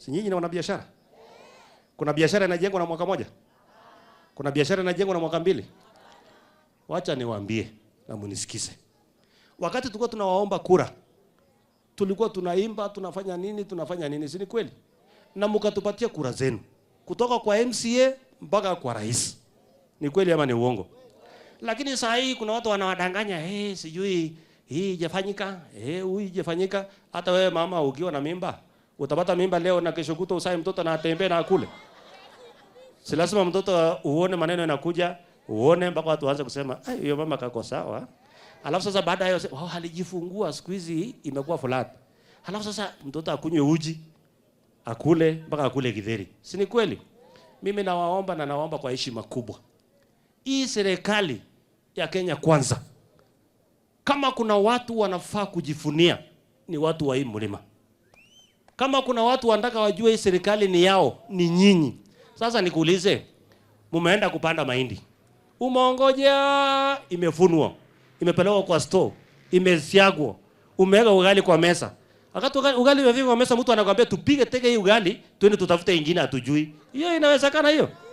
Si nyinyi ni biashara? Kuna biashara inajengwa na mwaka moja? Kuna biashara inajengwa na mwaka mbili? Wacha niwaambie na munisikize. Wakati tulikuwa tunawaomba kura, tulikuwa tunaimba, tunafanya nini, tunafanya nini, si ni kweli? Na mkatupatia kura zenu kutoka kwa MCA mpaka kwa rais. Ni kweli ama ni uongo? Lakini saa hii kuna watu wanawadanganya, eh, hey, sijui hii ijafanyika, eh, hey, huyu ijafanyika. Hata wewe mama ukiwa na mimba Utapata mimba leo na kesho kuto usae mtoto na atembee na akule. Si lazima mtoto uone maneno yanakuja, uone mpaka watu waanze kusema, "Ah, hiyo mama kako sawa." Alafu sasa baada ya hiyo, "Oh, alijifungua siku hizi imekuwa fulani." Alafu sasa mtoto akunywe uji, akule mpaka akule githeri. Si ni kweli? Mimi nawaomba na nawaomba kwa heshima kubwa. Hii serikali ya Kenya kwanza. Kama kuna watu wanafaa kujifunia ni watu wa hii mlima. Kama kuna watu wanataka wajue hii serikali ni yao, ni nyinyi. Sasa nikuulize, mumeenda kupanda mahindi, umeongojea, imevunwa, imepelekwa kwa store, imesiagwa, umeweka ugali kwa mesa. Wakati ugali umefika kwa mesa, mtu anakuambia tupige teke hii ugali, twende tutafute ingine, hatujui. Hiyo inawezekana hiyo?